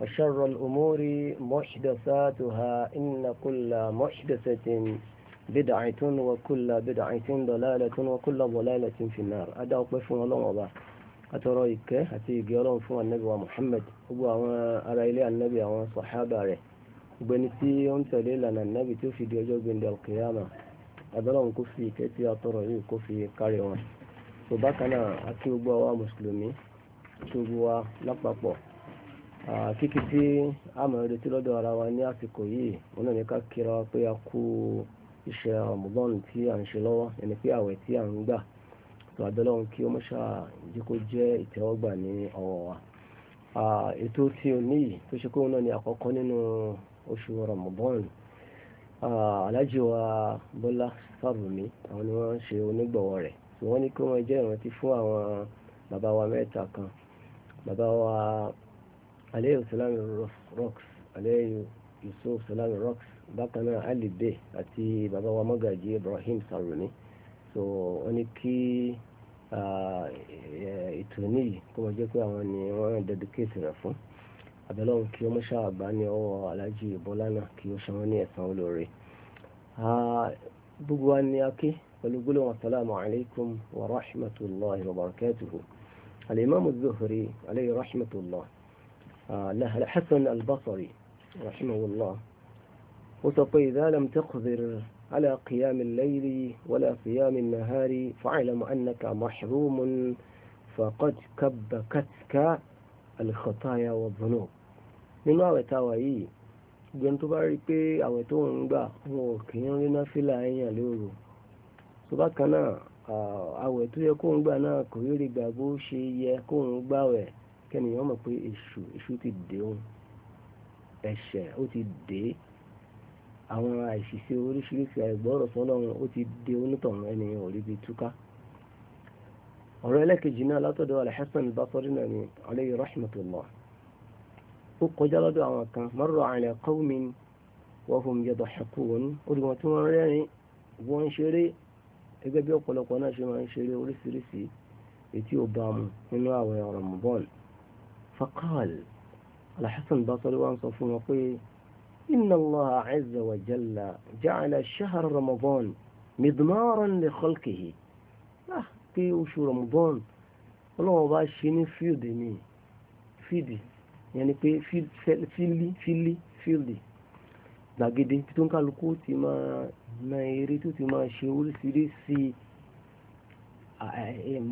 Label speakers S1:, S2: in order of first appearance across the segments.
S1: وشر الأمور محدثاتها إن كل محدثة بدعة وكل بدعة ضلالة وكل ضلالة في النار هذا أقف الله وضع أترويك أتي قيلون فوق النبي ومحمد هو أرى إلي النبي وصحابة عليه وبنتي أنت لنا النبي توفي ديجو عند القيامة أبلون كفي كتي أتروي كفي كاريون وبكنا أكي أبوا مسلمي أكي أبوا لقبقوا kíkí tí a máa retí lọ́dọ̀ ara wa ní àsìkò yìí wọn náà ní ká kíra wa pé a kú iṣẹ́ Ramadan tí à ń ṣe lọ́wọ́ ẹni pé àwẹ̀ tí à ń gbà tó abẹ́lọ́run kí ó mọ́ṣá jí kó jẹ́ ìtẹ́wọ́gbà ní ọwọ́ wa. ètò tí o ní tó ṣe kóun náà ni àkọ́kọ́ nínú oṣù Ramadan alájì wa Bọ́lá Sàrùmí àwọn ni wọ́n ṣe onígbọ̀wọ́ rẹ̀ wọ́n ní kí wọ́n jẹ́ ìrántí fún àwọn bàbá wa mẹ́ta kan bàbá wa aleyhu salam rocks aleyhu yusuf salam rocks bákan náà ali bey àti bàbá wa magaji ibrahim sarumi so wọ́n ní kí ètò níyì kó wọ́n jẹ́ pé àwọn ni wọ́n dedicate rẹ̀ fún abẹ́lọ́run kí ọmọ ṣàgbá ní ọwọ́ alájí ìbọ́lá náà kí ó ṣe wọ́n ní ẹ̀san olóore. gbogbo wa ni a kí gbólóhùn asalaamu alaykum wa rahmatulahi wa barakatuhu. alimami zuhri alayhi rahmatulah. الحسن البصري رحمه الله وسطي إذا لم تقدر على قيام الليل ولا صيام النهار فاعلم أنك محروم فقد كبكتك الخطايا والذنوب nínú àwẹ̀ tá a wà yìí gbẹ̀n tó bá rí i pé àwẹ̀ tó ń gbà wọn ò kì í rí náfìlà èèyàn lóru tó bá kan náà àwẹ̀ tó yẹ kó ń gbà náà kò rí rí gbà bó ṣe yẹ kó ń gbàwẹ̀ kẹ́niyàn mọ̀ pé èṣù èṣù ti dé òun ẹ̀ṣẹ̀ ó ti dé àwọn àìṣiṣẹ́ oríṣiríṣi àìgbọ́rọ̀ sọ́lọ́run ó ti dé onítọ̀hún ẹnìyàn ò rí bi túká ọ̀rọ̀ ẹlẹ́kejì náà látọ̀dọ̀ Al-Hasan al-Basri náà ni alayhi rahmatullah ó kọjá lọ́dọ̀ àwọn kan marra ala qawmin wa hum yadhahakun olùwọ̀n tí wọ́n rẹ́rìn wọ́n ṣeré gẹ́gẹ́ bí ọ̀pọ̀lọpọ̀ náà ṣe máa ń ṣeré oríṣiríṣi ètí ò bá mu nínú àwọn ọ̀rọ̀ mọ̀bọ́ọ̀lù فقال الحسن بصري وانصر وقيل إن الله عز وجل جعل شهر رمضان مضمارا لخلقه آه في وشو رمضان ọlọ́wọ́ bá ṣe ní fíìdì ní fíìdì yẹni pé fíìlì fíìlì fíìlì gbàgede tó ń kálukú ti máa na eré tó ti máa ṣe oríṣiríṣi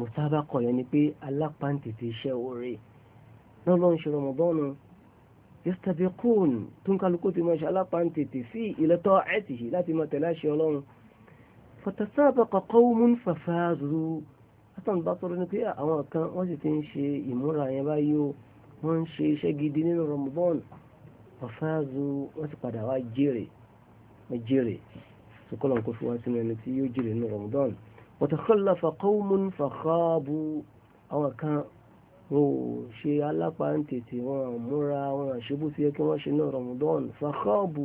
S1: mọ̀sábàkọ̀ yẹni pé alápáǹtì ti ṣẹ́ orí náà lọ́n ṣe rọmọdọ́nù yastabiqun tó ń kálukú ti máa ṣe alápáǹtètè sí ila ta'atihi láti máa tẹ̀lé àṣẹ ọlọ́run fatasabaqa qawmun fafazu látàn bá sọ̀rọ̀ ní pé àwọn kan wọ́n sì ti ń ṣe ìmúra yẹn báyìí o wọ́n ń ṣe iṣẹ́ gidi nínú rọmọdọ́nù fafazu wọ́n sì padà wá jèrè wọ́n jèrè sọkọlọ̀ kò fi wá sínú ẹni tí yóò jèrè nínú rọmọdọ́nù wa takhallafa qawmun wọn ò ṣe alápáǹtètè wọn ò múra wọn àṣebú ti yẹ kí wọ́n ṣe náà Ramadan fàkọ́ọ̀bù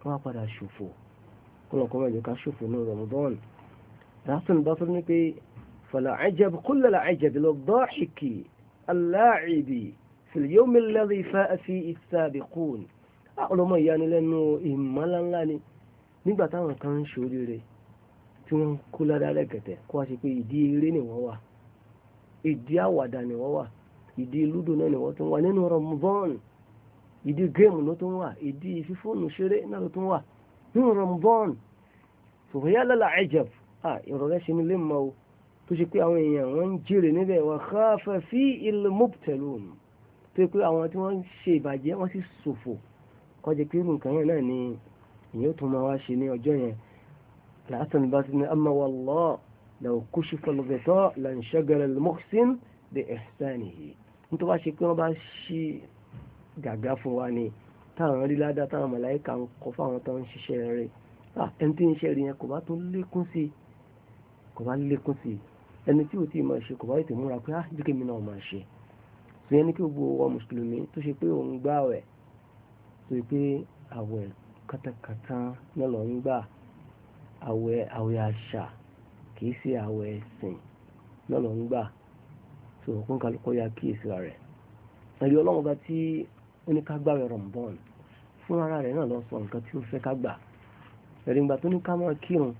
S1: kí wọ́n padà ṣòfò kí wọ́n kọ́ mọ́jọ ká ṣòfò náà Ramadan rasul bá fún mi pé fala ajab kulla la ajab lọ dọ́ọ̀ṣìkì aláàcìbì fìlíọ́mì lẹ́rìí fáfi ìsàbìkún ọlọ́mọ ìyanilẹ́nu ìmọ̀láńlá ni nígbà táwọn kan ń ṣoríire tí wọ́n kú ládàá ìdí àwàdà ni wọ́n wà ìdí lúdò náà ni wọ́n tún wà nínú Ramadan ìdí géèmù ló tún wà ìdí fífóònù ṣeré náà ló tún wà nínú Ramadan sòfòyà lọ́la ẹ̀jẹ̀b ìrọ̀lẹ́ ṣe ni lè mọ o tó ṣe pé àwọn èèyàn wọ́n ń jèrè níbẹ̀ wọ́n káfẹ́ fí ilẹ̀ mọ́pútẹ́lùm tó ṣe pé àwọn tí wọ́n ṣe ìbàjẹ́ wọ́n sì ṣòfò kọjá pé nǹkan yẹn náà ni ìyẹn tó máa wá ṣe ní ọjọ́ yẹn làásán bá ti ní amáwá lọ́ọ̀ لو كشف الغطاء لانشغل المحسن بإحسانه nítorí wá ṣe pé wọ́n bá ṣí gàgá fún wa ni táwọn rí ládàá táwọn màláìka ń kọ fáwọn tó ń ṣiṣẹ́ rẹ̀ ẹni tí ń ṣe rí yẹn kò bá tún lékún sí i kò bá lékún sí i ẹni tí ò tí ì máa ṣe kò bá ètò múra pé ájú kí mi náà máa ṣe sọ yẹn ní kí gbogbo wa mùsùlùmí tó ṣe pé òun gbà wẹ̀ tó ṣe pé àwẹ̀ katakata náà lọ ń gbà àwẹ̀ àwẹ̀ àṣà kìí ṣe àwẹ̀ ẹ̀sìn náà ló ń gbà tó o kún kálukọ́ ya kíyèsí rẹ̀ ẹ̀rí ọlọ́run bá tí ó ní ká gbàwẹ̀ Ramadan fún ara rẹ̀ náà lọ sọ nǹkan tí ó fẹ́ ká gbà ẹ̀rí ìgbà tó ní ká máa kírun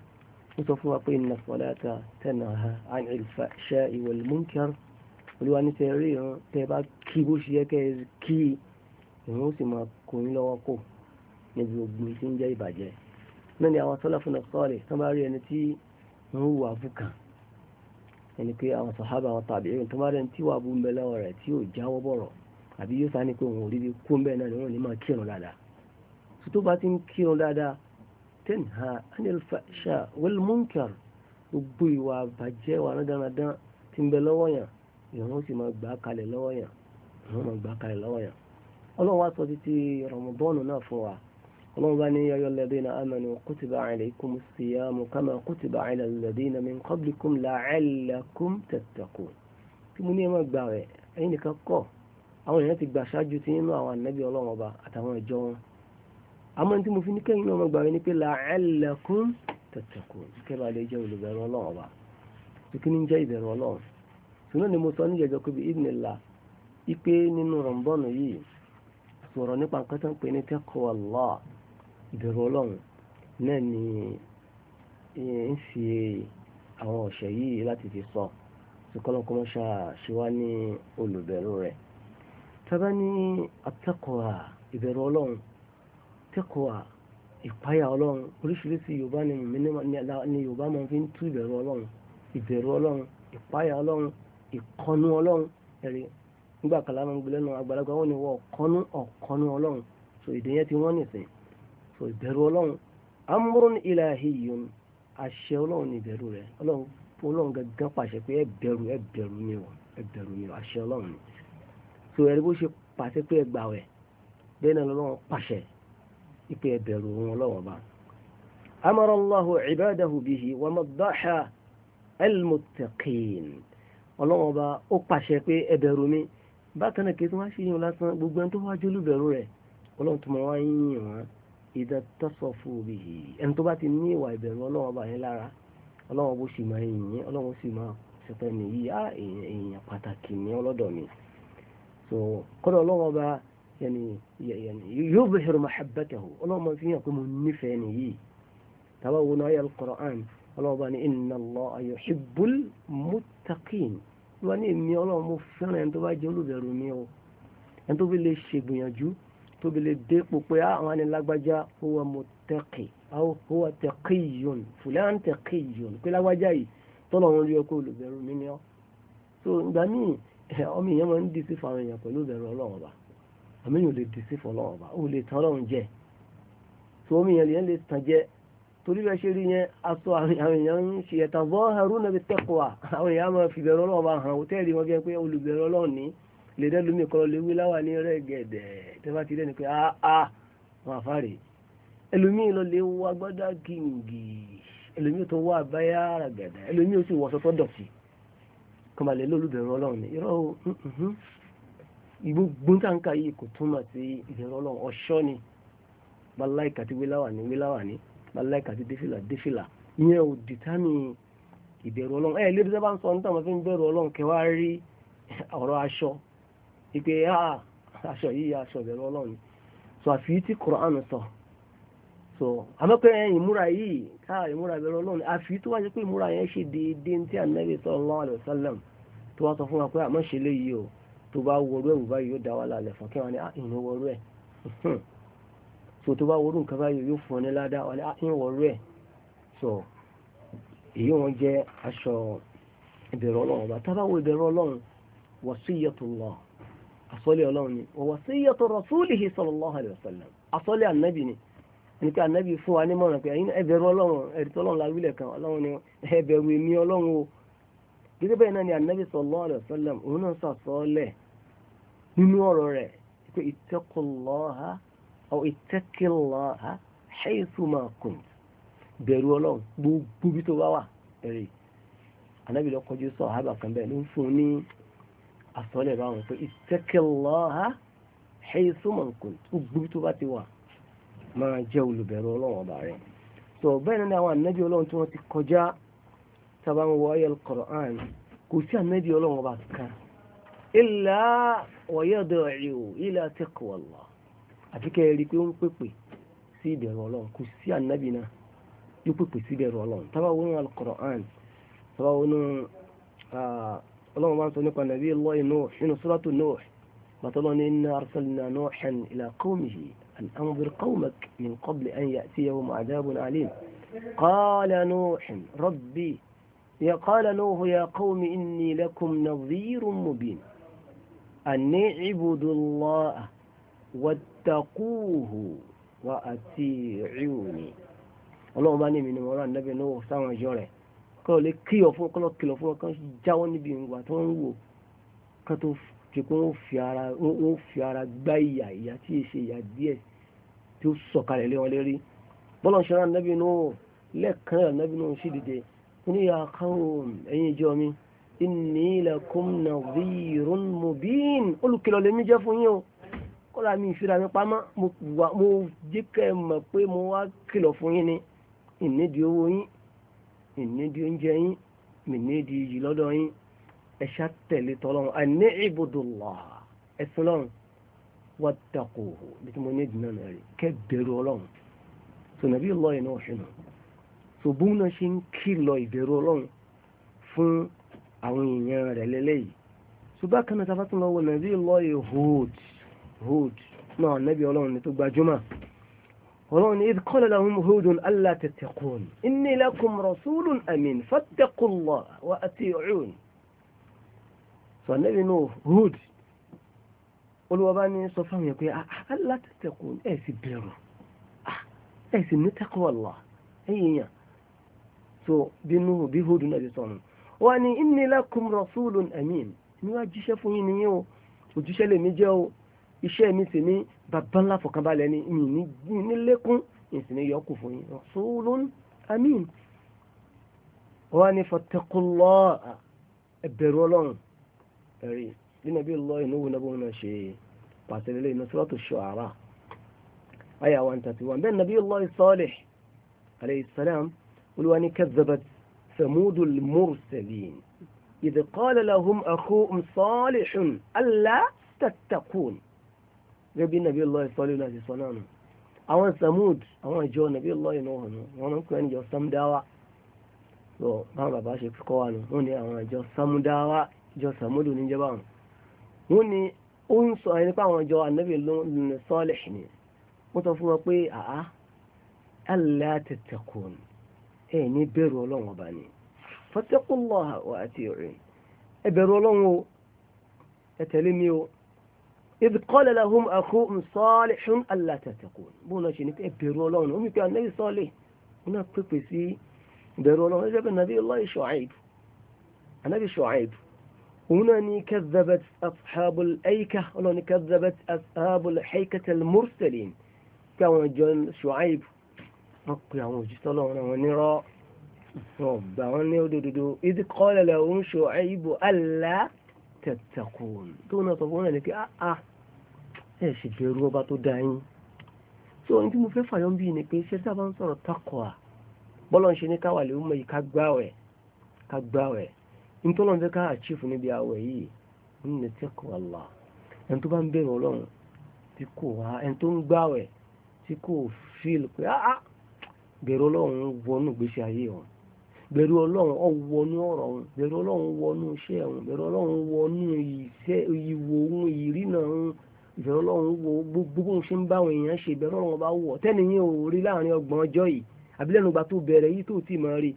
S1: ó sọ fún wa pé inna salata tanha anil fahsha'i wal munkar olúwa ní tẹ rí ìran tẹ bá kí bó ṣe yẹ kẹ ẹ kí ìran ó sì máa kó yín lọ́wọ́ kò níbi ogun tí ń jẹ́ ìbàjẹ́ náà ni àwọn sọ́lá fún ọ̀sọ́ọ̀lẹ̀ tán bá rí ẹni tí ń wà fúkàn ẹni pé àwọn sàhábà àwọn tàbí ẹni tó bá rẹ̀ tí wà bú ń bẹ lọ́wọ́ rẹ̀ tí ò jáwọ́ bọ̀rọ̀ àbí yóò sá ní pé òun ò rí bí kó ń bẹ̀ náà lọ́rùn ní máa kírun dáadáa tó tó bá ti ń kírun dáadáa tẹ́nìhà anil fàṣà wal munkar gbogbo ìwà àbàjẹ́ wà rádaràdán ti ń bẹ lọ́wọ́ yàn ìrún sì máa gbà kalẹ̀ lọ́wọ́ yàn ìrún máa gbà kalẹ̀ lọ́wọ́ yàn ọlọ́run wá sọ títí Ramadan náà fún wa ọlọ́run bá ní ayọ́ lẹ́dínà amanu kutiba alaykumus siyamu kama kutiba ala alladhina min qablikum la'allakum tí mo ní ẹ má gbà rẹ̀ ẹ̀yin nìkan kọ́ àwọn èèyàn ti gbà ṣáájú tí nínú àwọn ànábì ọlọ́run ọba àtàwọn ìjọ wọn àmọ́ tí mo fi ní kẹ́yìn náà má gbà rẹ̀ ni pé la'allakum tattaqun kẹ́bà lè jẹ́ olùbẹ̀rù ọlọ́run ọba ìbẹ̀rù ọlọ́run náà ni ń fi àwọn ọ̀sẹ̀ yìí láti fi sọ sùkọ́lọ́ kọ́mọ́ṣà ṣíwá ní olùbẹ̀rù rẹ̀ tábà ní atẹ́kọ̀ọ́ ìbẹ̀rù ọlọ́run tẹ́kọ̀ọ́ ìpáyà ọlọ́run oríṣiríṣi yorùbá ni yorùbá máa fi ń tú ìbẹ̀rù ọlọ́run ìbẹ̀rù ọlọ́run ìpáyà ọlọ́run ìkọnú ọlọ́run ẹ̀rí nígbà kan láwọn gbẹlẹ́nu àgbàlagbà wọn ni wọ́n ọ̀kọnú ọ̀kọnú ọlọ́run so èdè yẹn ti wọ́n nìsín so ìbẹ̀rù ọlọ́run amúrún ilahiyun àṣẹ ọlọ́run ní ìbẹ̀rù rẹ̀ ọlọ́run gangan pàṣẹ pé ẹ bẹ̀rù ẹ bẹ̀rù mi o ẹ bẹ̀rù mi o àṣẹ ọlọ́run ni so ẹ̀rí bó ṣe pàṣẹ pé ẹ gbàwẹ̀ bẹ́ẹ̀ náà lọ́wọ́ pàṣẹ ipe ẹ bẹ̀rù wọn lọ́wọ́ bá amara Allahu ibadahu bihi wa maddaha al-muttaqin ọlọ́wọ́ bá ó ọlọ́run ìdá tọ́sọ̀fù bihi ẹni tó bá ti ní ìwà ìbẹ̀rù ọlọ́run ọba yẹn lára ọlọ́run bó sì máa yìnyín ọlọ́run sì máa ṣẹpẹ́ nìyí á èèyàn pàtàkì ní ọlọ́dọ̀ mi so kọ́dọ̀ ọlọ́run ọba yẹni yóò bẹ̀ ṣẹ̀rọ mahabbatahu ọlọ́run máa fi hàn pé mo nífẹ̀ẹ́ nìyí tàbá wo náà yẹn Qur'an ọlọ́run bá ní inna Allaha yuhibbul muttaqin wọ́n ní èmi ọlọ́run mo fẹ́ràn ẹni tó bá jẹ́ tóbi lè dépò pé ah, àwọn anilágbájá huwa muttaqi aw huwa taqiyun fulani taqiyun pé lágbájá yìí tọ́lọ̀ wọn rí ọkọ olùbẹ̀rù mi ni ọ́ so ìgbà míì ọmọ èèyàn máa ń dì sí fáwọn èèyàn pẹ̀lú ìbẹ̀rù ọlọ́run ọba àmì yóò lè dì sí fún ọlọ́run ọba ó lè tan ọlọ́run jẹ so omi yẹn lèyẹn lè tàn jẹ torí bẹ́ẹ̀ ṣe rí yẹn aṣọ àwọn èèyàn ń ṣe ẹ̀tàn bọ́ ẹrú náà àwọn èèyàn máa fi ìbẹ̀rù ọlọ́run ọba hàn òtẹ́ẹ̀lì wọn bí wọn pé olùbẹ̀rù ọlọ́run ní lè dẹ́ lómi kọ́ lè wí láwà ní rẹ́gẹ̀dẹ̀ tẹ́ bá ti rẹ́ ni pé áá ah, ah, wọn àfáàrè ẹlòmíì lọ lè wá gbọ́dá gìngì ẹlòmíì tó wá àbáyá rẹ̀gẹ̀dẹ̀ ẹlòmíì ó sì wọ́sọ tó dọ̀tí kọ́mọ̀lẹ́ lólùbẹ̀rù ọlọ́run ni irọ́ gbogbo táǹkà yìí kò túmọ̀ sí ìbẹ̀rù ọlọ́run ọ̀ṣọ́ ni balaika ti wíláwà ní wíláwà ní balaika ti défìlà défìlà ìyẹn ò dìtámì ìbẹ̀rù ọlọ́run ẹ̀ lébi sábà ń sọ ní táwọn fi ń bẹ̀rù ọlọ́run kẹwàá rí ọ̀rọ̀ aṣọ ìpè aṣọ yìí aṣọ ìbẹ̀rù ọlọ́run so àfi tí Quran sọ so àmọ́pẹ́ ìmúra yìí ká ìmúra ìbẹ̀rù ọlọ́run àfi tó wájú pé ìmúra yẹn ṣe déédéé tí Ànábì sallallahu alaihi wasallam tó wá sọ fún wa pé àmọ́ ṣe léyìí o tó bá wọrú ẹ̀wù báyìí yóò dá wa lálẹ́ fún kí wọ́n ní ah, ìrìn wọrú ẹ̀ so tó bá wọrú nǹkan báyìí yóò fún ọ ní ládàá wọn ní ah, ìrìn wọrú ẹ̀ so èyí wọn jẹ́ aṣọ ìbẹ̀rù ọlọ́run bá tábà wọ ìbẹ̀rù ọlọ́run wasiyyatullah àsọ́lẹ̀ ọlọ́run ni wa wasiyyatu rasulihi sallallahu alayhi wa sallam àsọ́lẹ̀ ànábì ni ẹni pé ànábì fún wa nímọ̀ràn pé ẹ̀yin ẹ̀bẹ̀rù ọlọ́run ẹ̀rí tọ́lọ́run la wílẹ̀ kan ọlọ́run ni ẹ̀bẹ̀rù èmi ọlọ́run o gẹ́gẹ́ bẹ́ẹ̀ náà ni ànábì sallallahu alayhi wa sallam òun náà sàsọ́lẹ̀ nínú ọ̀rọ̀ rẹ̀ pé ittaqullaha aw ittaqillaha haythu ma kunt àsọ́lẹ̀ báwọn pé ittaqillaha haythu ma kunt gbogbo tó bá ti wà máa jẹ́ olùbẹ̀rù ọlọ́run ọba rẹ̀ tó bẹ́ẹ̀ ni àwọn ànábì ọlọ́run tí wọ́n ti kọjá tábà ń wọ ayé Al-Qur'an kò sí ànábì ọlọ́run ọba kan illa wa yad'u ila taqwallah àti kẹ́ ẹ rí i pé ó ń pèpè sí ìbẹ̀rù ọlọ́run kò sí ànábì náà yóò pèpè sí ìbẹ̀rù ọlọ́run tábà wọnú Al-Qur'an tábà اللهم ما نتنقى نبي الله نوح شنو صلاة نوح بطلون إنا أرسلنا نوحا إلى قومه أن أنظر قومك من قبل أن يأتيهم عذاب عليم قال نوح ربي يا قال نوح يا قوم إني لكم نظير مبين أن اعبدوا الله واتقوه وأتيعوني اللهم أني من مولان نبي نوح سامع جوله kọ́ lè kíyọ̀ fún ọkọ́ kìlọ̀ fún ọkọ́ jáwọ́ níbi ìwà tó ń wò kan tó ti pé wọ́n fi ara gbá ìyà ìyà tí è ṣe ìyà díẹ̀ tí ó lé wọn lérí bọ́lá ṣe rán nẹ́bí inú lẹ́ẹ̀kan rẹ̀ sí dìde ní ya qawm ìjọ mi inni lakum nadhirun mubin olùkìlọ̀ lèmi jẹ́ fún yín o kọ́lá mi ìfira mi pamọ́ mo jẹ́ kẹ́ ẹ mọ̀ pé mo wá kìlọ̀ fún yín ni ìnídìí owó yín ìnídìí oúnjẹ yín ìnídìí iyì lọ́dọ̀ yín ẹ ṣá tẹ̀lé tọ́lọ́run àní ibudullah ẹ̀sìn lọ́run wattaqu bí tí mo ní ìdùnnà náà rè kẹ́bẹ̀rù ọlọ́run so nàbí lọ iná ọ̀ṣun nù so bóun náà ṣe ń kìlọ̀ ìbẹ̀rù ọlọ́run fún àwọn èèyàn rẹ̀ lélẹ́yìí so bákan náà tafatún lọ́wọ́ nàbí lọ Hud náà nàbí ọlọ́run ni tó gbajúmọ̀ ọlọ́run idh qala lahum hudun alla tattaqun inni lakum rasulun amin fattaqullaha wa ati'un sọ̀nẹ́bí náà hud olùwọ́bá ní sọ fáwọn yẹn pé ah, ah, alla tattaqun ẹ̀ sì bẹ̀rù ah, ẹ̀ sì ní taqwallah ẹ̀yìn yẹn so bínú bí hud náà bí sọ̀nù wọ́n ní inni lakum rasulun amin ni wọ́n jíṣẹ́ fún yín nìyẹn o òjíṣẹ́ lèmi jẹ́ o iṣẹ́ mi sì ní bàbá ńlá fọkànbalẹ̀ ni ìyìn ní lékún ìsìn yọkù fún yín rasulun amin wọ́n ní fọtẹ́kùlọ́ ẹ̀bẹ̀rù ọlọ́run ẹ̀rí nínú bí lọ inú wo nàbọ̀ náà ṣe pàṣẹ lélẹ̀ inú suratu shu'ara ayà one thirty one bẹ́ẹ̀ nàbí lọ salih alayhi salam olúwa ní kazzabat ثمود المرسلين إذ قال لهم أخوهم صالح ألا تتقون gẹ́gẹ́ bí nàbí Allah ìsọ́lé náà ti sọ náà nù àwọn samud àwọn ìjọ nàbí Allah ìnú ọ̀nà wọn ń pè ní ìjọ samudawa lọ báwọn bàbá ṣe kọ́ wa nù wọn ni àwọn ìjọ samudawa ìjọ samudu níjọba wọn wọn ni ó ń sọ ẹni pé àwọn ìjọ anabi sọ́ọ̀lẹ̀ ni wọ́n sọ fún wọn pé àá alla tattaqun ẹ ní bẹ̀rù ọlọ́run ọba ni fattaqullaha wa إذ قال لهم أخوهم صالح ألا تتقون بولا شيء نك إبرو إيه، لون هم كان نبي صالح هنا بيبسي إبرو لون جاب النبي الله شعيب النبي شعيب هنا كذبت أصحاب الأيكة هنا كذبت أصحاب الحيكة المرسلين كان جون شعيب أقيا وجدت لون ونرى رب ونرى إذ قال لهم شعيب ألا tẹ̀tẹ̀kùn tó náà sọ fún wọn ní pé áá ẹ̀ sì bẹ̀rù ọba tó dá yín tí ohun tí mo fẹ́ fàyọ́ bíi ni pé ṣé sábà ń sọ̀rọ̀ takọ̀à bọ́lọ̀ ń ṣe ní káwà lè mọ yìí ká gbáwẹ̀ ká gbáwẹ̀ ní tó lọ́n fẹ́ ká àchífù níbi àwẹ̀ yìí ń nà tẹ́kọ̀ọ́ àlà ẹni tó bá ń bẹ̀rù ọlọ́run tí kò wá ẹni tó ń gbáwẹ̀ tí kò pé ah, ah, bẹ̀rù ọlọ́run wọnú ìgbésí ayé wọn bẹ̀rù ọlọ́run ọ̀wọ́nú ọ̀rọ̀ òun bẹ̀rù ọlọ́run wọnú iṣẹ́ òun bẹ̀rù ọlọ́run wọnú ìwò òun ìrìnà òun bẹ̀rù ọlọ́run wo gbogbo òun ṣe ń bá àwọn èèyàn ṣe bẹ̀rù ọlọ́run bá wọ̀ tẹ́niyìn ò rí láàrin ọgbọ̀n ọjọ́ yìí àbílẹ̀nu gba tó bẹ̀rẹ̀ yìí tó tì mọ́ rí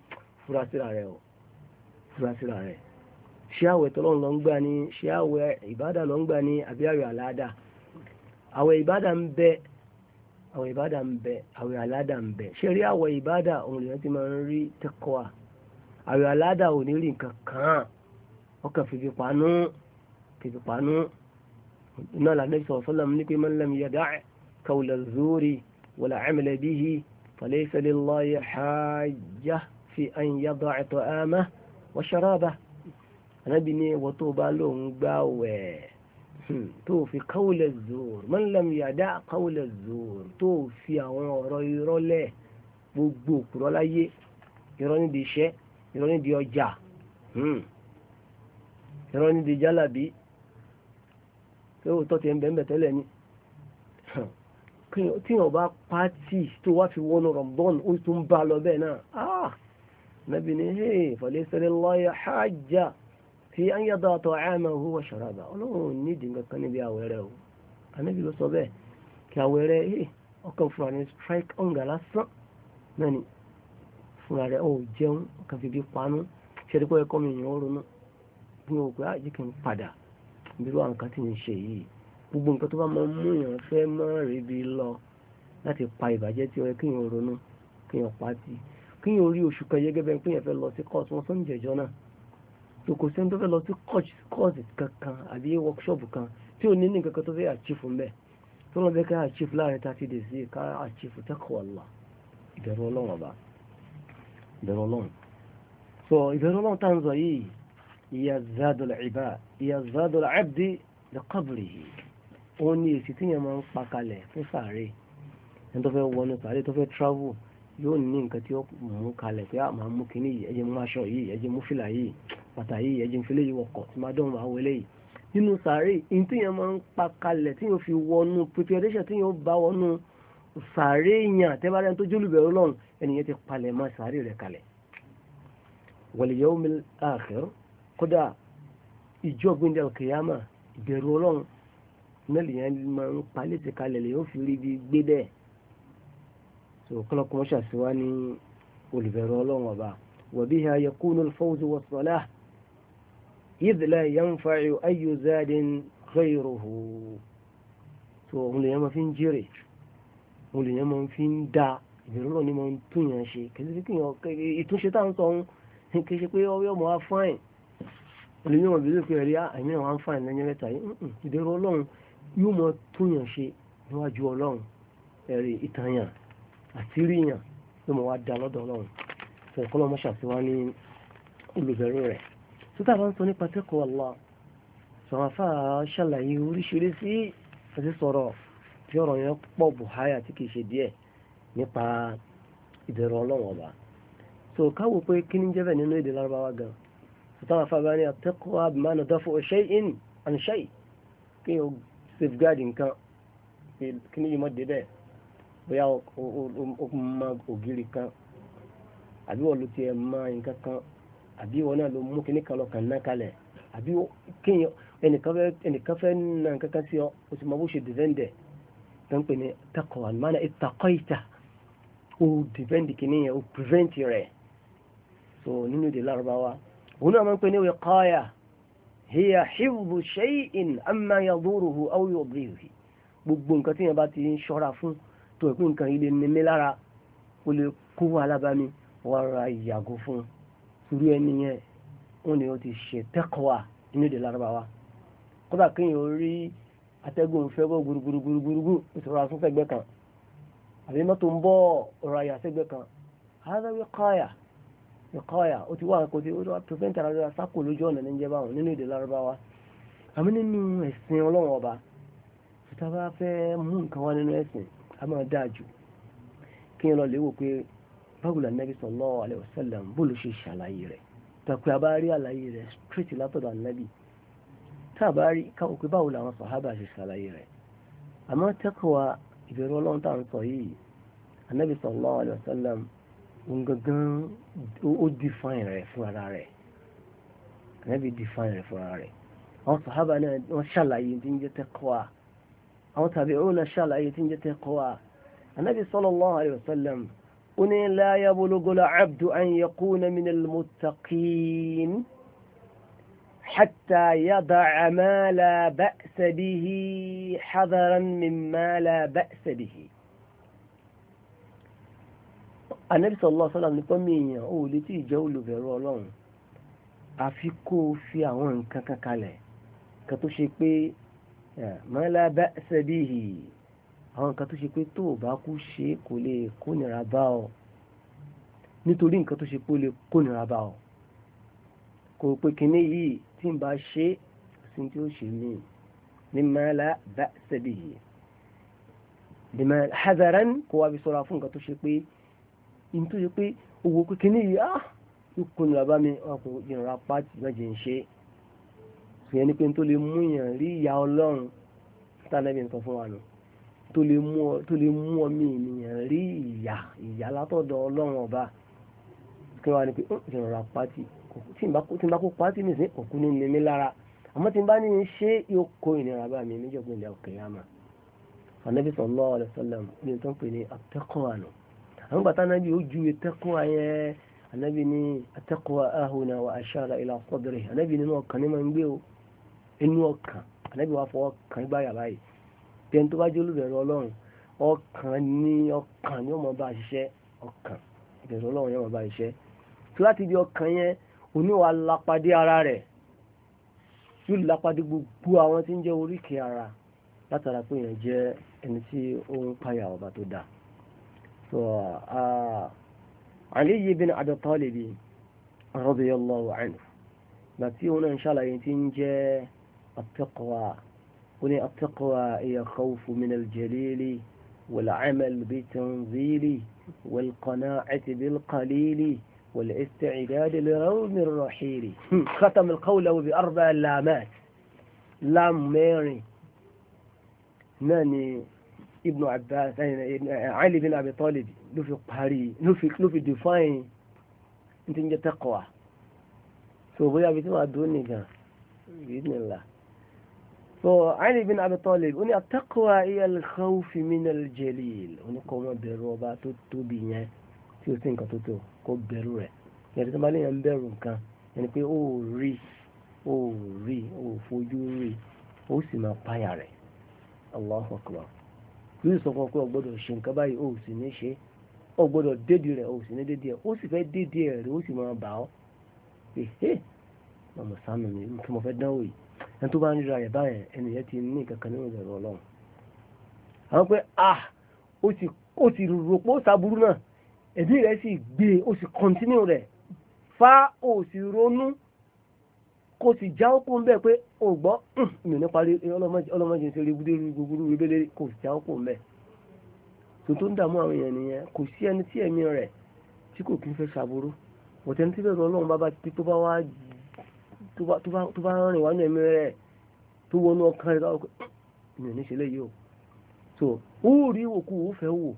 S1: furasíra rẹ̀ o furasíra rẹ̀ ṣé àwẹ̀ tọ́lọ́run ló ń gbà ni ṣé àwẹ̀ ìbádà ló ń gbà ni àbí àwẹ̀ àládà àwẹ̀ ìbádà ń bẹ àwẹ̀ ìbádà ń bẹ àwẹ̀ àládà ń bẹ ṣé rí àwẹ̀ ìbádà òun lèyàn ti máa ń rí tẹ́kọ̀ọ́ àwẹ̀ aládà ò ní rí nǹkan kan ọkàn fìfì pàánú fìfì pàánú náà lànàbí sọ̀rọ̀ sọ́lá ní pé man lam yada' qawla zuri wala 'amala bihi falaysa lillahi hajja fi an yada'a ta'amahu wa sharabahu anábì ní ẹwọ tó bá lóun gbá wẹ̀ hmm, tó fi qawla zuri man lam yada' qawla zuri tó fi àwọn ọ̀rọ̀ irọ́ gbogbo òkúrọ́ láyé níbi iṣẹ́ irọ́ nídìí ọjà irọ́ hmm. nídìí jálàbí pé òótọ́ ti ń bẹ̀ ń bẹ̀ tẹ́lẹ̀ ni tí wọ́n bá pàtì tó wá fi wọnú rọ̀bọ́n ó tún bá lọ bẹ́ẹ̀ náà ah! nàbì ni hey fọlẹ́sẹ̀rẹ̀ lọ́yà hajjá fi an yàdá ọ̀tọ̀ àmà owó wa ṣàràbà ọlọ́run ní ìdìǹkan kan níbi àwẹ̀rẹ̀ o anábì ló sọ bẹ́ẹ̀ kí àwẹ̀rẹ̀ ọkàn fúnra ní strike hunger lásán náà fúnra rẹ̀ ò jẹun kàn fi bí panú ṣẹ́rí pé ẹ̀kọ́ mi yàn ó ronú bí o pé àjẹ́ ah, kì í padà bí wà nǹkan tí ń ṣe yìí gbogbo nǹkan tó bá máa mú èèyàn fẹ́ máa rí bi lọ láti pa ìbàjẹ́ tí ó yẹ kéèyàn ronú kéèyàn pàtì kéèyàn rí oṣù kan yẹ gẹ́gẹ́ pé èèyàn fẹ́ lọ sí kọ́ọ̀tù wọn sọ́njẹ́ ìjọ náà tó kò sẹ́ni tó fẹ́ lọ sí kọ́ọ̀tù kankan àbí wọ́kṣọ́ọ̀bù kan tí ò ní ní nǹkan tó fẹ́ àchífù mbẹ́ tó lọ bẹ́ ká àchífù láàrin thirty days yìí ká àchífù taqwa Allah ìbẹ̀rù ọlọ́wọ̀n ọba ìbẹ̀rù ọlọ́run so ìbẹ̀rù ọlọ́run tá à ń sọ yìí yazadul ibà yazadul abdi li qabrihi òun ni èsì tí yẹn máa ń pa kalẹ̀ fún sàárè ẹni tó fẹ́ wọnú sàárè tó fẹ́ travel yóò ní nǹkan tí ó mú kalẹ̀ pé àmà mú kínní yìí ẹjẹ mú aṣọ yìí ẹjẹ mú fìlà yìí bàtà yìí ẹjẹ mú fìlà yìí wọkọ̀ tí máa dọ̀rùn àwọn eléyìí nínú sàárè ìyìn tí yẹn máa ń pa kalẹ̀ tí yóò fi wọnú preparation tí yóò bá wọnú sàárè yàn tẹ́bàrà ẹni tó jólùbẹ̀ ọlọ́run ẹnìyẹn ti palẹ̀ mọ́ sàárè rẹ̀ kalẹ̀ wal yawmil akhir kódà ìjọ gbẹ̀ndẹ̀ kìyàmà ìbẹ̀rù ọlọ́run náà lèyàn máa ń palẹ̀ ti kalẹ̀ lèyàn fi rí bí gbé dẹ̀ so kọ́lọ́kọ́ wọ́n ṣàṣìwá ní olùbẹ̀rù ọlọ́run ọba wa biha yakunu al-fawzu was-salah idh la yanfa'u ayyu zadin ghayruhu so òun lèyàn òun lèyàn máa fi ń da ìbẹ̀rù lọ ní máa ń tún yàn ṣe kìí kí yàn ìtúnṣe tá à ń sọ ohun kìí ṣe pé ọwọ́ ọmọ afáìn lèyàn wọn bèèrè pé ẹ̀rí àìmí àwọn afáìn lẹ́yìn mẹ́ta yìí ìbẹ̀rù ọlọ́run yóò máa tún yàn ṣe níwájú ọlọ́run ẹ̀rí ìtànyàn àti ríyàn ló mọ̀ wá da lọ́dọ̀ ọlọ́run sọ mọ́ ṣàtiwá ní olùbẹ̀rù rẹ̀ tó tàbá tí ọ̀rọ̀ yẹn pọ̀ bùháyà tí kìí ṣe díẹ̀ nípa ìbẹ̀rù ọlọ́wọ̀n ọba so káwò pé kí ní jẹ́bẹ̀ nínú èdè lárúbáwá gan sọtáwọn afábá ní àtẹ́kọ̀ọ́ àbìmánà dáfọ́ ṣe in and ṣe kí o safeguard nǹkan kí yìí débẹ̀ bóyá o mọ ògiri kan àbí wọ́n ti mọ nǹkan kan àbí wọ́n náà mú lọ kàn kalẹ̀ àbí ẹnìkan fẹ́ nǹkan kan sí ọ o sì mọ bó ṣe tán pè ní taqwa mana ittaqaita ó dìbẹ́ndì kìíní yẹn ó prevent rẹ̀ so nínú èdè lárúbáwá òun náà máa ń pè ní wiqaya hiya hifdhu shay'in amma yaduruhu aw yudrihi gbogbo nǹkan tí yẹn bá ti ń ṣọ́ra fún tó ẹ̀pẹ́ nǹkan ilé nílé lára ó lè kó alábàámi wọ́n ra ìyàgò fún irú ẹni yẹn wọ́n ní ó ti ṣe taqwa atẹ́gùn fẹ́ bọ́ gbùrùgbùrùgbùrùgbùrù ìṣòro àsúnfẹ́gbẹ́ kan àbí mọ́tò ń bọ́ ọ̀rọ̀ àyà sẹ́gbẹ́ kan hádà wíkọ́yà wíkọ́yà ó ti wá kó ti ó tó fẹ́ ń tara lọ́la sákò lójú ọ̀nà ní jẹba àwọn nínú èdè lárúbáwá àmì nínú ẹ̀sìn ọlọ́run ọba tá a bá fẹ́ mú nǹkan wá nínú ẹ̀sìn a máa dáa jù kí n lọ lè wò pé báwo la nẹ́bí sallallahu alaihi wasallam bó ló ṣe ṣàlàyé rẹ̀ tàpé a bá rí àlàyé rẹ̀ straight táàbá rí káwọn pé báwo làwọn sàhábà ṣe ṣàlàyé rẹ̀ àmọ́ tẹ́kọ̀ọ́ ìbẹ̀rù ọlọ́run táwọn sọ yìí anabi sallallahu alayhi wa sallam ngangan ó define rẹ̀ fún ara rẹ̀ anabi define rẹ̀ fún ara rẹ̀ àwọn sàhábà náà wọ́n ṣàlàyé tí ń jẹ́ tẹ́kọ̀ọ́ àwọn tabi'una ṣàlàyé tí ń jẹ́ tẹ́kọ̀ọ́ anabi sallallahu alayhi wa ó ní la yabulugul abdu an yakuna minal muttaqin. حتى يضع ما لا بأس به حذرا مما لا بأس به Ànábì sallallahu alaihi wasallam ní pọ́nmi èèyàn ó lè tí ìjẹ́ olùbẹ̀rù Ọlọ́run àfi kó o fi àwọn nǹkan kan kalẹ̀ kan tó ṣe pé ma la ba'sa bihi àwọn nǹkan tó ṣe pé tó o bá kú ṣe kò lè kónira bá ọ nítorí nǹkan tó ṣe pé ó lè kónira bá ọ kò pé kinní yìí tí n bá ṣe sí tí ó ṣe mí ní mẹ́lá bá sẹ́bí yìí bímọ hazaran kó wá fi sọ́ra fún nǹkan tó ṣe pé in tó ṣe pé owó kékeré yìí ah ikú ni bàbá mi ọkọ̀ ìrora pàtì náà jẹ́ ń ṣe ṣùgbọ́n ní pé tó lè mú yàn rí ìyá ọlọ́run tánẹ́bí nǹkan fún wa nù tó lè mú ọmọ ènìyàn rí ìyá ìyá látọ̀dọ̀ ọlọ́run ọba kí wọ́n á ní pé ìrora pàtì tí n bá kó pa á tí mi sí kò kú ní mímí lára àmọ́ tí n bá ní í ṣe yóò kó ìnira bá mi níjọba ilẹ̀ òkè yàmà anabi sallallahu alaihi wasallam ní tó ń pè ní atẹ́kọ̀ọ́ àná àwọn bàtà anabi ó ju ìtẹ́kọ̀ọ́ ayẹ anabi ní atẹ́kọ̀ọ́ ahùnà wa ashara ila sadri anabi nínú ọkàn ní máa ń gbé o inú ọkàn anabi wà fọwọ́ kàn gbá yàrá yìí bí ẹni tó bá jẹ́ olùbẹ̀rù ọlọ́run ọkàn ní ọkàn ni ó mọ̀ bá ṣiṣẹ́ ọkàn ìbẹ̀rù ọlọ́run yẹn mọ̀ bá ṣiṣẹ́ tó láti di ọkàn yẹn oníwà lápadé ara rẹ̀ yóò lápadé gbogbo àwọn tí ń jẹ́ oríkèé ara látara pé èèyàn jẹ́ ẹni tí ó ń payà ọba tó dáa so Ali ibn Abi Talib radiyallahu anhu gbàtí òun náà ń ṣàlàyé tí ń jẹ́ at ó ní at-taqwa hiya khawfu min al-jalili wal-amal bi tanzili wal-qana'ati bil-qalili. والاستعداد لروم الرحيل ختم القول بأربع لامات لام ميري ناني ابن عباس علي بن أبي طالب نفق قهري نفق نفق دفاين انت نجا تقوى سوف يابي تما أدوني جا بإذن الله علي بن أبي طالب أني التقوى هي الخوف من الجليل أني قوم بروبات tí o sì nǹkan tó tó kó bẹ̀rù rẹ̀ yẹtí tó bá léèyàn ń bẹ̀rù nǹkan yẹn ni pé ó rí ó rí ó fojú rí ó sì máa páyà rẹ̀ Allahu Akbar yóò sọ fún ọ pé o gbọ́dọ̀ ṣe nǹkan báyìí o sì ní ṣe o gbọ́dọ̀ dédìí rẹ̀ o sì ní dédìí rẹ̀ ó sì fẹ́ dédìí rẹ̀ ó sì máa bà ọ́ ehe ọmọ sànù mi tí mo fẹ́ dánwò yìí ẹni tó bá ń ríra rẹ̀ báyẹn ẹnìyẹn ti ní kankan nínú ìbẹ̀rù Ọlọ́run àwọn pé ah ó ti ó ti rò pé ó náà ẹ̀bí rẹ̀ sì gbé o sì kọ́ntínú rẹ̀ fa o sì ronú kò sì já ó kó ń bẹ́ẹ̀ pé o gbọ́ mi ò ní parí ọlọ́mọdé ń ṣe rí gbúdúrú gbúdúrú rébélé kò sì já ó kó ń bẹ́ẹ̀ tó tó ń dààmú àwọn èèyàn nìyẹn kò sí ẹni tí ẹ̀mí rẹ̀ tí kò kí ń fẹ́ ṣàbúrú bọ̀tẹ́ni tí bẹ̀rù ọlọ́run bá ti tó bá wá tó bá rìn wá ní ẹ̀mí rẹ̀ tó wọnú ọkàn rẹ̀ káwọ́ pé mi ò ní ṣe léyìí o so ó rí òkú òfẹ́ wò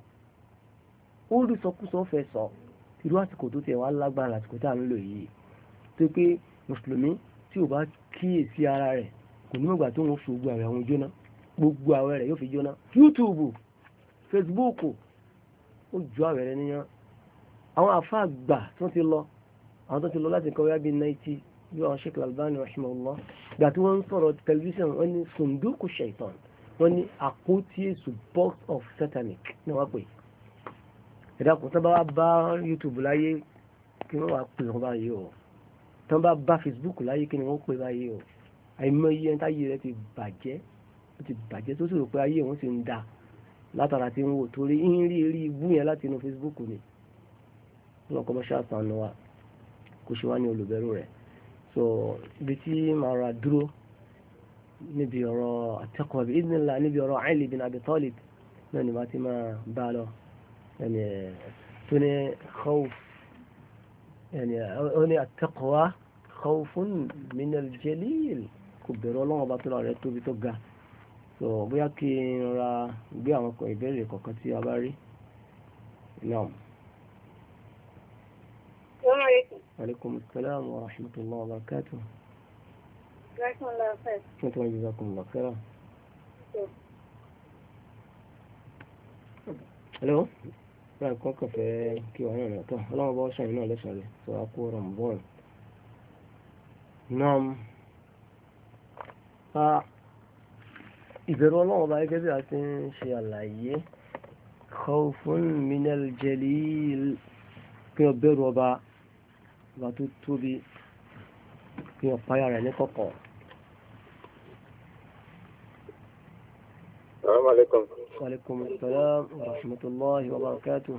S1: ó rí sọkúsọ fẹ́ sọ irú àsìkò tó tẹ̀ wá lágbára àsìkò tá à ń lò yìí tó pé mùsùlùmí tí ò bá kíyèsí ara rẹ̀ kò ní mọ̀gbà tó ń fi gbogbo àwẹ̀ àwọn jóná gbogbo àwẹ̀ rẹ̀ yóò fi jóná YouTube Facebook ó ju àwẹ̀ rẹ̀ níyàn àwọn àfáà gbà tó ti lọ àwọn tó ti lọ láti kọ́ wíwá bíi náìtì bí àwọn Sheikh Al-Albani rahimahullah gbà tí wọ́n ń sọ̀rọ̀ tẹlifíṣàn wọ́n ní sunduku shaitan wọ́n ní àpótí èso box of satanic ni wọ́n pè é ìdàkùn tán bá wá bá youtube láyé kí wọ́n wá pè wọ́n báyìí o tán bá bá facebook láyé kí ni wọ́n pè báyìí o àìmọye ẹni táyé rẹ ti bàjẹ́ ó ti bàjẹ́ tó sì rò pé ayé òun ti ń da látara tí ń wò torí ń rí eré ibú yẹn láti inú facebook ni wọn kọ́ mọ́ṣáà sànù wa kò ṣe wá ní olùbẹ̀rù rẹ̀ so ibi tí màá ra dúró níbi ọ̀rọ̀ àtẹ́kọ̀ọ́ bíi ìdílé níbi ọ̀rọ̀ Ali bin Abi Talib náà ni ti máa bá lọ. يعني تني خوف يعني هنا التقوى خوف من الجليل كبر الله بطل على التوبة تقع so bóyá kí n ra gbé àwọn ọkọ̀ ìbéèrè kọ̀ọ̀kan tí a bá rí náà. Assalamu alaikum. Alaikum assalam wa rahmatullahi wa barakatuh. Jazakumullahu khairan. Fún tí wọ́n jazakumullahu khairan. Hello náà kọ́ kẹfẹ́ kí wọ́n yàn tán ọlọ́run bá ṣàyìn náà lẹ́sàn rẹ̀ tó wá kó ràn bọ́ọ̀lù. nam a ìbẹ̀rù ọlọ́run bá gẹ́gẹ́ bí a ti ń ṣe àlàyé khawfun minal jalil kí wọ́n bẹ̀rù ọba ọba tó tóbi kí wọ́n páyà rẹ̀ ní kọ̀kọ̀. السلام عليكم وعليكم السلام ورحمة الله وبركاته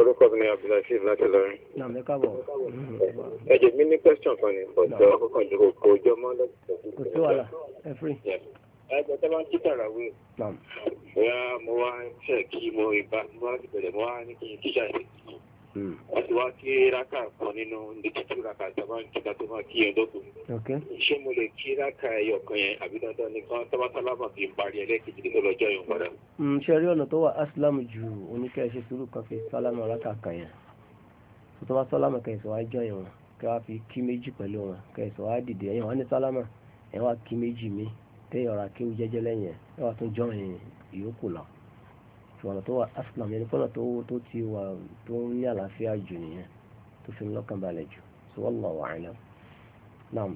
S1: orúkọ mi abdulhakeem láti lọrin. nàmì kábọ̀. ẹ jẹ́ mi ní question kan ni ọjọ́ kọkàn ju kò jọ mọ́ lọ́sọ̀tún. kò sí wàhálà ẹ firi. ẹgbẹ́ tó bá ń títà rà wí. bóyá mo wá ń fẹ́ kí mo ìbá mo wá ti bẹ̀rẹ̀ mo wá ní kí n kíjà sí. wọ́n ti iraka kí rákà kan nínú nítìtì rákà tàbá ń kíta tó máa kí yẹn dọ́kun. ṣé mo lè kí rákà ẹyọ kan yẹn àbí dandan nìkan tọ́ba sálámà kì parí ẹlẹ́kejì nínú ọlọ́jọ́ padà. ṣe rí ọ̀nà tó wà aslam ju oníkẹ́ ṣe sùúrù kan fi sálámà kan yẹn tọ́ba sálámà fi kí méjì pẹ̀lú wọn dìde wọn ní sálámà ẹ̀ kí méjì mi ọ̀nà tó wà aslam yẹn kọ́nà tó tó ti wà tó ń ní àlàáfíà jù nìyẹn tó fi lọ́kàn balẹ̀ jù so wallahu a'lam. naam.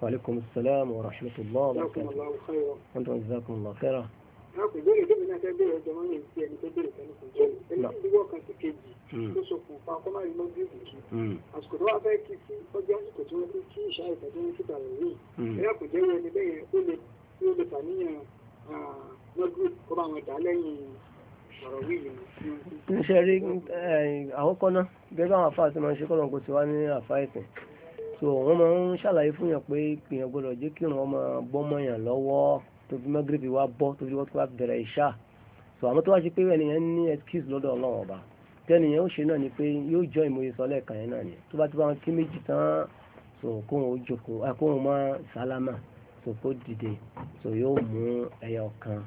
S1: waaleykum salaam wa rahmatulah wa barakatuh. wọ́n tó ń zakum lọ kẹ́rọ. lákùn ìbéèrè ìdíbi náà fẹ́ bẹ̀rẹ̀ ọjọ́ mọ́mí ti ẹni tó bẹ̀rẹ̀ tẹ́lẹ̀ fún jẹ́rì ẹni hmm. tó wọ́ kan sí kejì tó sokùn pa ọkọ máa rí mọ́ bí ìbùkún àsìkò tó wá fẹ́ kí sí ọjọ́ àsìkò tí wọ́n ti kí ìṣá ìtàjọ́ ní kíkà rẹ̀ yìí hmm. ẹ̀yà kò jẹ́ wọ ẹni bẹ́yẹn ó lè ó lè fàníyàn kó bá wọn dà lẹ́yìn ọ̀rọ̀ wíìlì. ṣe rí eh, àkọ́kọ́ náà gẹ́gẹ́ àwọn àfáà tí máa ń ṣe kọ́lọ̀ kò sí wá ní àfáà ìsìn so wọ́n máa ń ṣàlàyé fún yàn pé pèèyàn gbọ́dọ̀ jẹ́ kí wọ́n máa bọ́ mọ́ yàn lọ́wọ́ tó fi mọ́gírìbì wá bọ́ tó fi wọ́n tó wá bẹ̀rẹ̀ ìṣá so àmọ́ tó wá ṣe pé ẹnìyàn ní excuse lọ́dọ̀ ọlọ́run ọba tẹ́nìyàn ó ṣe náà ni pé yóò jọ ìmòye sọ lẹ́ẹ̀kan yẹn náà ni tó bá ti bá wọn kí méjì tán so kóhun ó jókòó eh, kóhun máa sálámà sòkò dìde sò yóò mú ẹyọ kan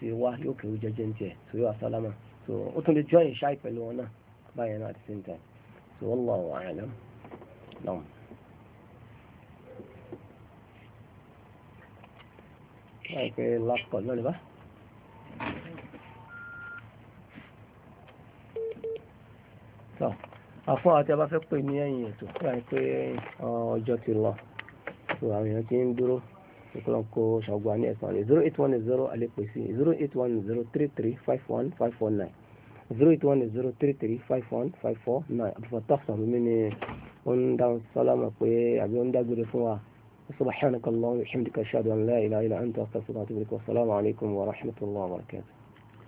S1: sí wá yóò kéwú jẹjẹ ní tiẹ̀ sò yóò asálámà sò ó tún lè jọ ìṣáì pẹ̀lú wọn náà báyẹn náà at the same time sò wallahu a'lam náà. láìpẹ́ lápọ̀ náà ni bá. tọ́ àfún àti abáfẹ́ pè ní ẹ̀yìn ètò fún àìpé ọjọ́ ti lọ àwọn èèyàn ti ń dúró ìkọlọ́n kó ní ẹ̀sán rẹ̀ zero eight one zero alẹ́pẹ̀ zero eight one zero three three five one five four nine zero eight one zero three three five one five four nine àbúfọ̀ tọ́sán mi ni ó ń dáhùn sálámà pé àbí ó ń dágbére fún wa subhanakallahumma wa bihamdika ashhadu an la ilaha illa anta astaghfiruka wa atubu ilaik wa assalamu alaykum wa rahmatullahi wa barakatuh.